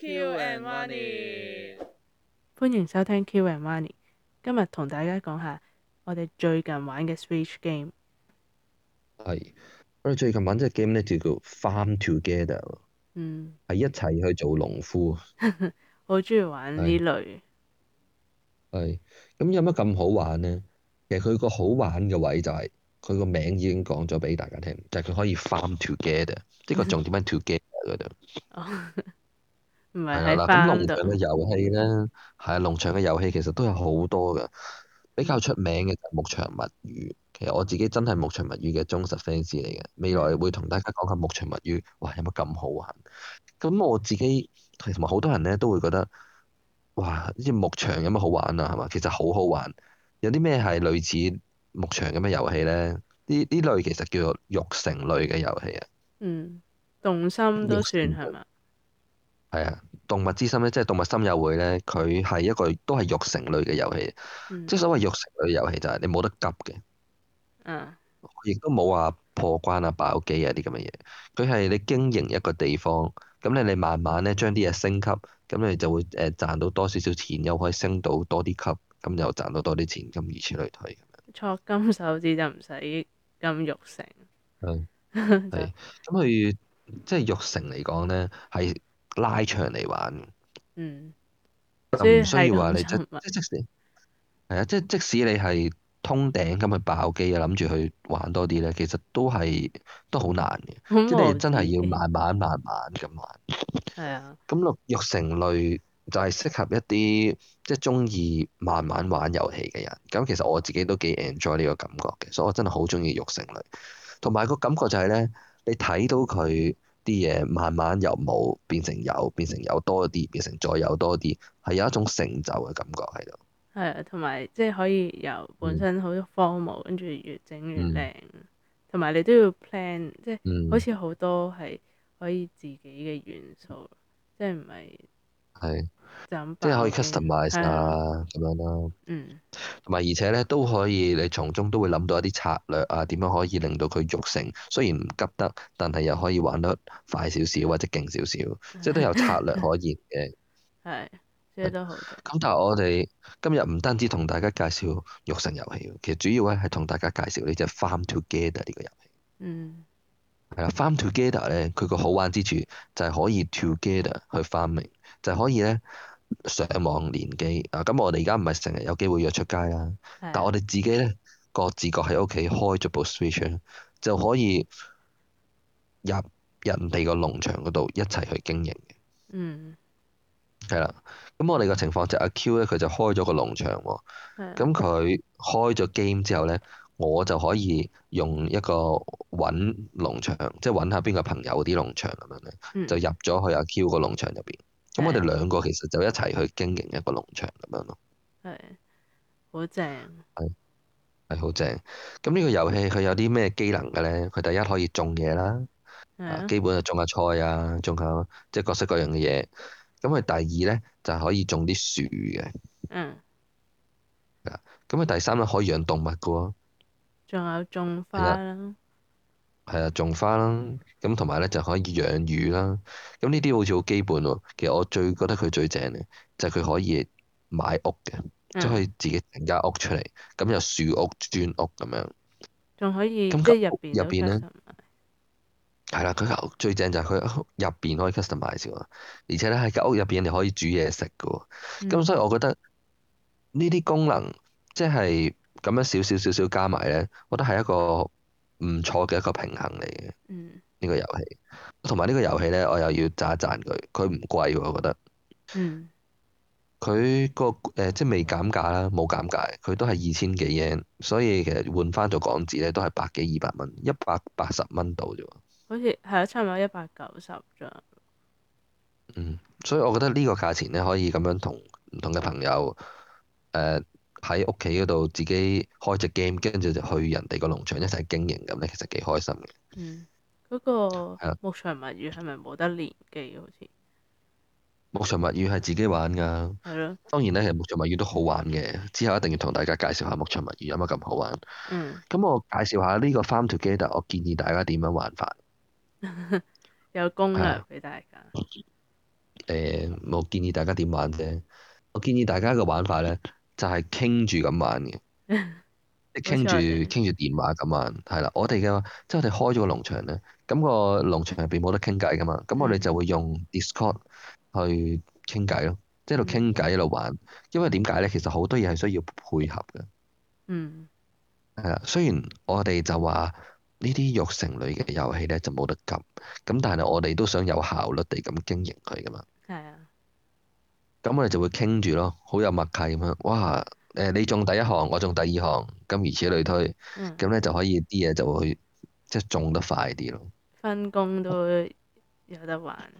Q and Money，歡迎收聽 Q and Money。Oney, 今日同大家講下我哋最近玩嘅 Switch game 係我哋最近玩隻 game 咧，就叫 Farm Together。嗯，係一齊去做農夫啊。我好中意玩呢類。係咁有乜咁好玩呢？其實佢個好玩嘅位就係佢個名已經講咗俾大家聽，就係、是、佢可以 Farm Together，即係個重點係 Together 嗰係啊，咁農場嘅遊戲咧，係農場嘅遊戲其實都有好多嘅，比較出名嘅就牧場物語。其實我自己真係牧場物語嘅忠實 fans 嚟嘅。未來會同大家講下牧場物語，哇，有乜咁好玩？咁我自己同埋好多人咧都會覺得，哇，呢係牧場有乜好玩啊？係嘛，其實好好玩。有啲咩係類似牧場咁嘅遊戲咧？呢呢類其實叫做育成類嘅遊戲啊。嗯，動心都算係嘛？係啊。動物之森咧，即係動物森友會咧，佢係一個都係肉成類嘅遊戲，嗯、即係所謂肉成類遊戲就係你冇得急嘅，亦都冇話破關啊、爆機啊啲咁嘅嘢。佢係你經營一個地方，咁咧你慢慢咧將啲嘢升級，咁你就會誒、呃、賺到多少少錢，又可以升到多啲級，咁又賺到多啲錢，咁如此類推。戳金手指就唔使咁肉成。係係， 咁佢、嗯、即係肉成嚟講咧，係。拉長嚟玩嗯，唔、嗯、需要話你即即即使係啊，即 即使你係通頂咁去爆機啊，諗住去玩多啲咧，其實都係都好難嘅，嗯、即你真係要慢慢慢慢咁玩。係 啊，咁樂育成類就係適合一啲即中意慢慢玩遊戲嘅人。咁其實我自己都幾 enjoy 呢個感覺嘅，所以我真係好中意育成類。同埋個感覺就係咧，你睇到佢。啲嘢慢慢由冇變成有，變成有多啲，變成再有多啲，係有一種成就嘅感覺喺度。係啊，同埋即係可以由本身好多荒蕪，跟住、嗯、越整越靚，同埋、嗯、你都要 plan，即係好似好多係可以自己嘅元素，嗯、即係唔係。係，對即係可以 customise 對啊，咁樣咯。嗯，同埋而且咧都可以，你從中都會諗到一啲策略啊，點樣可以令到佢速成？雖然唔急得，但係又可以玩得快少少或者勁少少，對即係都有策略可言嘅。係對，呢啲都好。咁、嗯、但係我哋今日唔單止同大家介紹速成遊戲，其實主要咧係同大家介紹呢隻 Farm Together 呢個遊戲。嗯。係啊，Farm together 咧，佢個好玩之處就係可以 together 去 farming，就係可以咧上網連機啊。咁我哋而家唔係成日有機會約出街啦，的但我哋自己咧，各自各喺屋企開咗部 Switch，就可以入，入人哋、嗯、個農場嗰度一齊去經營嘅。嗯的，係啦。咁我哋個情況就阿 Q 咧，佢就開咗個農場喎。咁佢開咗 game 之後咧。我就可以用一個揾農場，即係揾下邊個朋友啲農場咁樣咧，嗯、就入咗去阿 Q 個農場入邊。咁、啊、我哋兩個其實就一齊去經營一個農場咁樣咯。係，好正。係，係好正。咁呢個遊戲佢有啲咩機能嘅咧？佢第一可以種嘢啦，啊、基本係種下菜啊，種下即係各式各樣嘅嘢。咁佢第二咧就係可以種啲樹嘅、嗯啊。嗯。咁佢第三咧可以養動物嘅喎。仲有種花啦，係啊，種花啦，咁同埋咧就可以養魚啦。咁呢啲好似好基本喎、哦。其實我最覺得佢最正嘅，就係佢可以買屋嘅，即係、嗯、可以自己整間屋出嚟，咁有樹屋、磚屋咁樣，仲可以即係入入邊咧，係啦，佢間、嗯、屋最正就係佢入邊可以 customize 喎，而且咧喺間屋入邊你可以煮嘢食嘅，咁所以我覺得呢啲功能即係。就是咁樣少少少少加埋呢，我覺得係一個唔錯嘅一個平衡嚟嘅呢個遊戲。同埋呢個遊戲呢，我又要讚一讚佢，佢唔貴喎，我覺得。佢、嗯個、呃、即係未減價啦，冇減價，佢都係二千幾日圓，所以其實換翻做港紙呢，都係百幾二百蚊，一百八十蚊到啫喎。好似係啊，差唔多一百九十啫。嗯，所以我覺得呢個價錢呢，可以咁樣同唔同嘅朋友、呃喺屋企嗰度自己開隻 game，跟住就去人哋個農場一齊經營咁咧，其實幾開心嘅。嗯，嗰、那個牧場物語係咪冇得連機？好似的牧場物語係自己玩㗎。係咯的。當然咧，其實牧場物語都好玩嘅。之後一定要同大家介紹下牧場物語，有乜咁好玩。嗯。咁我介紹下呢個 Farm Together 我建議大家點樣玩法， 有攻略俾大家。誒、呃，我建議大家點玩啫？我建議大家個玩法咧。就係傾住咁玩嘅，你傾住傾住電話咁玩，係啦。我哋嘅即係我哋開咗個農場咧，咁個農場入邊冇得傾偈噶嘛，咁我哋就會用 Discord 去傾偈咯，即係度傾偈喺度玩。 因為點解咧？其實好多嘢係需要配合嘅。嗯。係啦，雖然我哋就話呢啲育成類嘅遊戲咧就冇得急，咁但係我哋都想有效率地咁經營佢噶嘛。咁我哋就會傾住咯，好有默契咁樣。哇！誒、欸，你種第一行，我種第二行，咁如此類推，咁咧、嗯、就可以啲嘢就會即係種得快啲咯。分工都有得玩。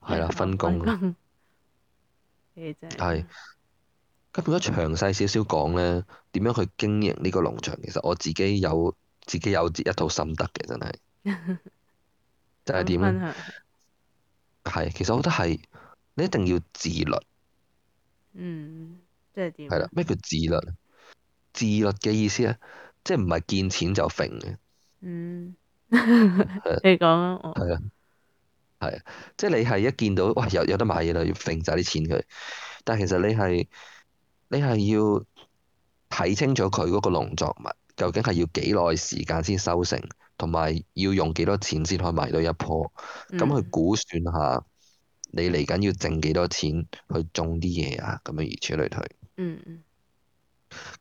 係啦、嗯，分工。嘅係、啊。咁如果詳細少少講咧，點樣去經營呢個農場？其實我自己有自己有一套心得嘅，真係。 享就係點咧？係，其實我覺得係。你一定要自律。嗯，即係點？係啦，咩叫自律？自律嘅意思咧，啊，即係唔係見錢就揈嘅。嗯， 你講啊吧，我係啊，係啊，即係你係一見到哇有有得買嘢啦，要揈晒啲錢佢。但係其實你係你係要睇清楚佢嗰個農作物究竟係要幾耐時間先收成，同埋要用幾多錢先可以買到一棵。咁去估算下。嗯你嚟緊要剩幾多錢去種啲嘢啊？咁樣處理，如此類推。嗯嗯。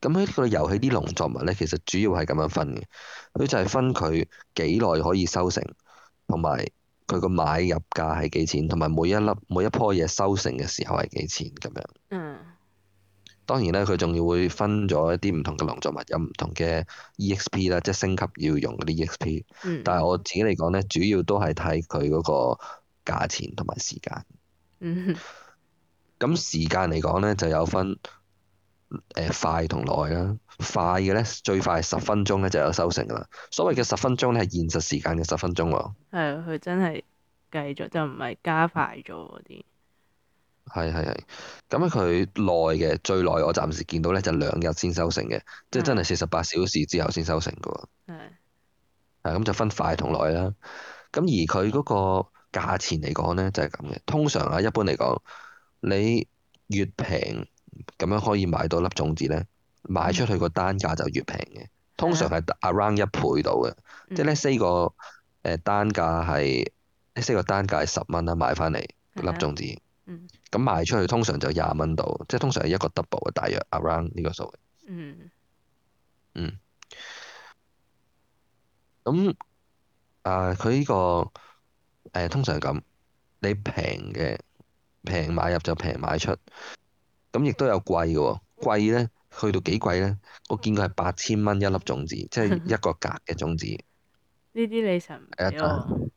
咁喺個遊戲啲農作物呢，其實主要係咁樣分嘅，佢就係分佢幾耐可以收成，同埋佢個買入價係幾錢，同埋每一粒每一棵嘢收成嘅時候係幾錢咁樣。嗯。當然咧，佢仲要會分咗一啲唔同嘅農作物，有唔同嘅 E X P 啦，即係升級要用嗰啲 E X P。嗯。但係我自己嚟講呢，主要都係睇佢嗰個。價錢同埋時間，咁 時間嚟講呢，就有分、呃、快同耐啦。快嘅呢，最快十分鐘呢就有收成噶啦。所謂嘅十分鐘呢，係現實時間嘅十分鐘喎、哦。係佢真係繼續就唔係加快咗嗰啲。係係係，咁佢耐嘅最耐，我暫時見到呢，就兩、是、日先收成嘅，的即係真係四十八小時之後先收成噶。係係咁就分快同耐啦。咁而佢嗰、嗰個。價錢嚟講咧就係咁嘅，通常啊一般嚟講，你越平咁樣可以買到粒種子咧，賣出去個單價就越平嘅。通常係 around 一倍到嘅，即係呢四個誒、呃、單價係，四個單價係十蚊啦，買翻嚟 Yeah. 粒種子。嗯，咁賣出去通常就廿蚊度，即、就、係、是、通常係一個 double 嘅，大約 around 呢個數嘅。嗯 Yeah. 嗯，咁啊佢呢、這個。誒通常係咁，你平嘅平買入就平買出，咁亦都有貴嘅喎、哦。貴呢去到幾貴呢？我見佢係八千蚊一粒種子，即係一個格嘅種子。呢啲 你實唔一咯？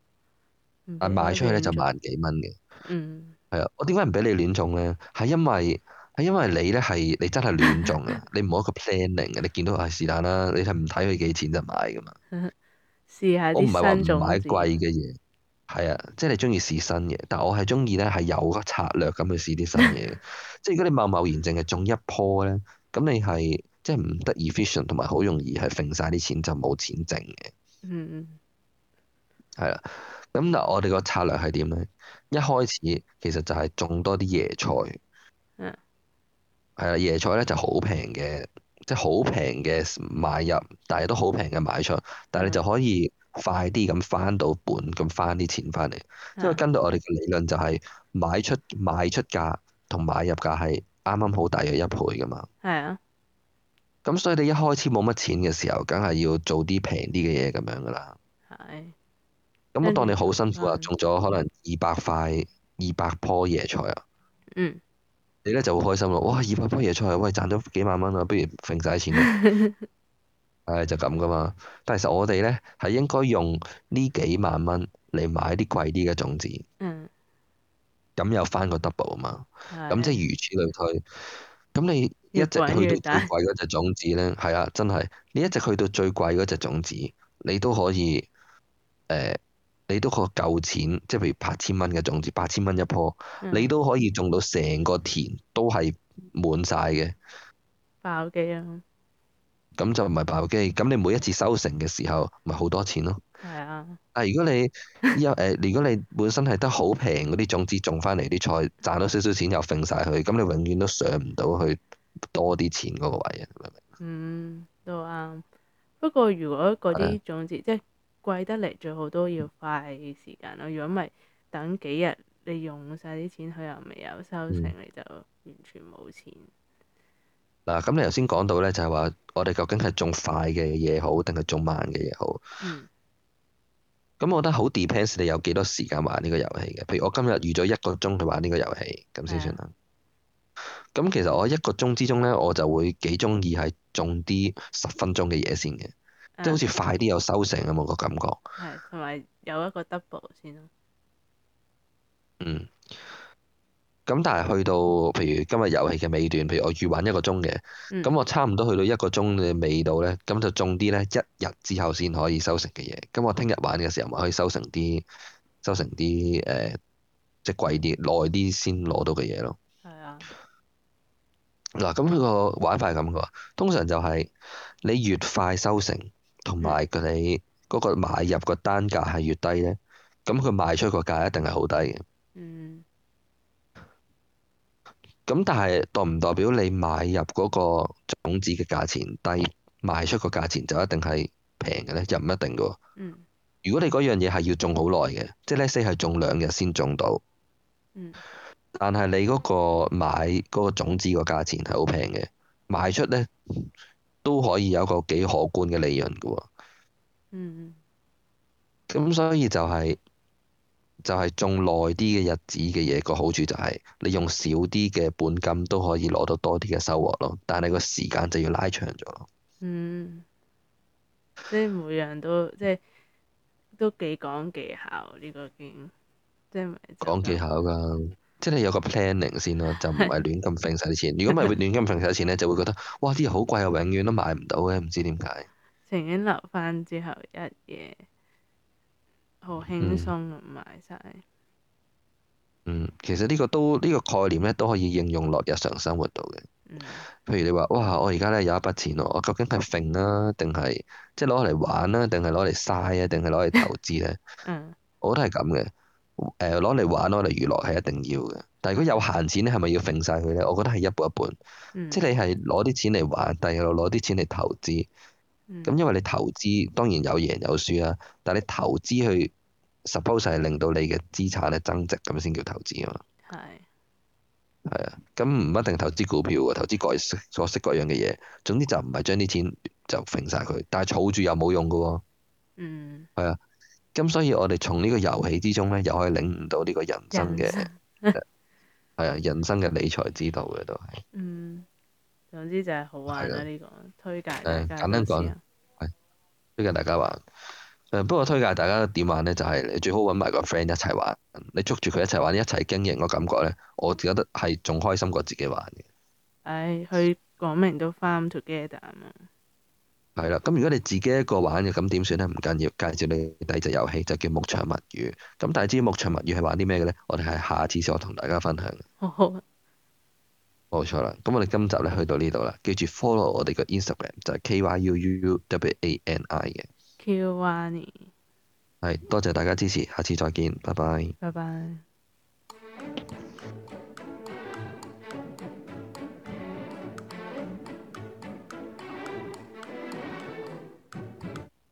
但賣出去呢，就萬、 嗯、幾蚊嘅。嗯，係啊，我點解唔俾你亂種呢？係因為係因為你呢係你真係亂種啊！ 你冇一個 planning 嘅，你見到係是但啦，你係唔睇佢幾錢就買嘅嘛。 試下啲新種子。我唔係話唔買貴嘅嘢。係啊，即係你中意試新嘢，但我係中意咧係有個策略咁去試啲新嘢。 即係如果你貿貿然淨係種一棵咧，咁你係即係唔得 efficient，同埋好容易係揈晒啲錢就冇錢剩嘅。嗯， 嗯，係啦。咁嗱，我哋個策略係點咧？一開始其實就係種多啲椰菜。嗯 係啦，椰菜咧就好平嘅，即係好平嘅買入，但係都好平嘅賣出，但係你就可以。快啲咁翻到本，咁翻啲錢翻嚟，因為根據我哋嘅理論就係、是、買出買出價同買入價係啱啱好大約一倍噶嘛。係啊。咁所以你一開始冇乜錢嘅時候，梗係要做啲平啲嘅嘢咁樣噶啦。係是。咁我當你好辛苦啊，種咗的可能二百塊、二百棵椰菜啊。嗯。你咧就會開心咯，哇！二百棵椰菜喂，賺咗幾萬蚊啊，不如揈晒錢 係就咁噶嘛，但其實我哋咧係應該用呢幾萬蚊嚟買啲貴啲嘅種子，咁又、嗯、翻個 double 啊嘛，咁的即係如此類推。咁你一直去到最貴嗰隻種子咧，係啊真係，你一直去到最貴嗰隻種子，你都可以誒、呃，你都可夠錢，即係譬如八千蚊嘅種子，八千蚊一棵，嗯、你都可以種到成個田都係滿晒嘅，爆機啊！咁就唔係爆機，咁你每一次收成嘅時候，咪好多錢咯。係啊。啊，如果你有誒、呃，如果你本身係得好平嗰啲種子種翻嚟啲菜，賺到少少錢又揈晒佢，咁你永遠都上唔到去多啲錢嗰個位，明唔明？嗯，都啱。不過如果嗰啲種子、啊、即係貴得嚟，最好都要快時間咯。如果唔係等幾日，你用晒啲錢，佢又未有收成，嗯、你就完全冇錢。嗱，咁你頭先講到咧，就係話我哋究竟係種快嘅嘢好，定係種慢嘅嘢好？嗯。咁我覺得好 depends，你有幾多時間玩呢個遊戲嘅。譬如我今日預咗一個鐘去玩呢個遊戲，咁先算啦。咁其實我一個鐘之中咧，我就會幾鍾意係種啲十分鐘嘅嘢先嘅，即係好似快啲有收成嘅冇個感覺。係、嗯，同埋有一個 double 先咯。嗯。咁但係去到，譬如今日遊戲嘅尾段，譬如我預玩一個鐘嘅，咁、嗯、我差唔多去到一個鐘嘅尾度呢，咁就種啲呢一日之後先可以收成嘅嘢。咁我聽日玩嘅時候，咪可以收成啲收成啲誒、呃，即係貴啲、耐啲先攞到嘅嘢咯。係啊、嗯。嗱，咁佢個玩法係咁㗎，通常就係你越快收成，同埋佢你嗰個買入個單價係越低呢，咁佢賣出個價一定係好低嘅。嗯。咁但係代唔代表你買入嗰個種子嘅價錢低，賣出個價錢就一定係平嘅呢？又唔一定㗎喎。如果你嗰樣嘢係要種好耐嘅，即係呢 say 係種兩日先種到。但係你嗰個買嗰個種子個價錢係好平嘅，賣出呢都可以有個幾可觀嘅利潤㗎喎。嗯。咁所以就係、是。就係種耐啲嘅日子嘅嘢，個好處就係你用少啲嘅本金都可以攞到多啲嘅收穫咯。但係個時間就要拉長咗。嗯，即係每樣都 即係都幾講技巧呢、呢個嘢，即係咪？講技巧㗎，即係你有個 planning 先咯，就唔係亂咁揈曬錢。 如果唔係亂咁揈曬錢咧，就會覺得哇啲嘢好貴啊，永遠都買唔到嘅，唔知點解。情願留翻之後一夜。好輕鬆咁買晒。嗯，光嗯，其實呢個都呢、呢個概念咧都可以應用落日常生活度嘅。嗯、譬如你話，哇，我而家咧有一筆錢，我究竟係揈啊，定係即係攞嚟玩啊，定係攞嚟嘥啊，定係攞嚟投資咧？ 嗯，我都係咁嘅。誒、呃，攞嚟玩攞嚟娛樂係一定要嘅。但係如果有閒錢咧，係咪要揈晒佢咧？我覺得係一半一半。嗯、即係你係攞啲錢嚟玩，第二度攞啲錢嚟投資。咁、嗯、因為你投資當然有贏有輸啦、啊，但係你投資去 suppose 係令到你嘅資產咧增值，咁先叫投資啊嘛。係係是啊，咁唔一定投資股票，投資各式各式各樣嘅嘢，總之就唔係將啲錢就揈晒佢，但係儲住又冇用嘅、啊。嗯，係啊，咁所以我哋從呢個遊戲之中咧，又可以領悟到呢個人生嘅係人生 啊，人生嘅理財之道嘅都係。總之就係好玩啦、啊、呢、這個，的推介、啊哎、簡單講，推介大家玩。不過推介大家點玩呢？就係、你、最好揾埋個 friend 一齊玩。你捉住佢一齊玩，一齊經營，個感覺呢。我覺得係仲開心過自己玩嘅。唉、哎，去講明都 farm together 啊嘛。係啦，咁如果你自己一個玩嘅，咁點算呢？唔緊要，介紹你第二隻遊戲就叫牧場物語。咁，但係至於牧場物語係玩啲咩嘅呢？我哋係下次再同大家分享。好好。冇錯啦，咁我哋今集呢去到呢度啦，記住 follow 我哋個 Instagram 就係 Kyuuuwani 嘅。Kyuani。係，多謝大家支持，下次再見，拜拜。拜拜。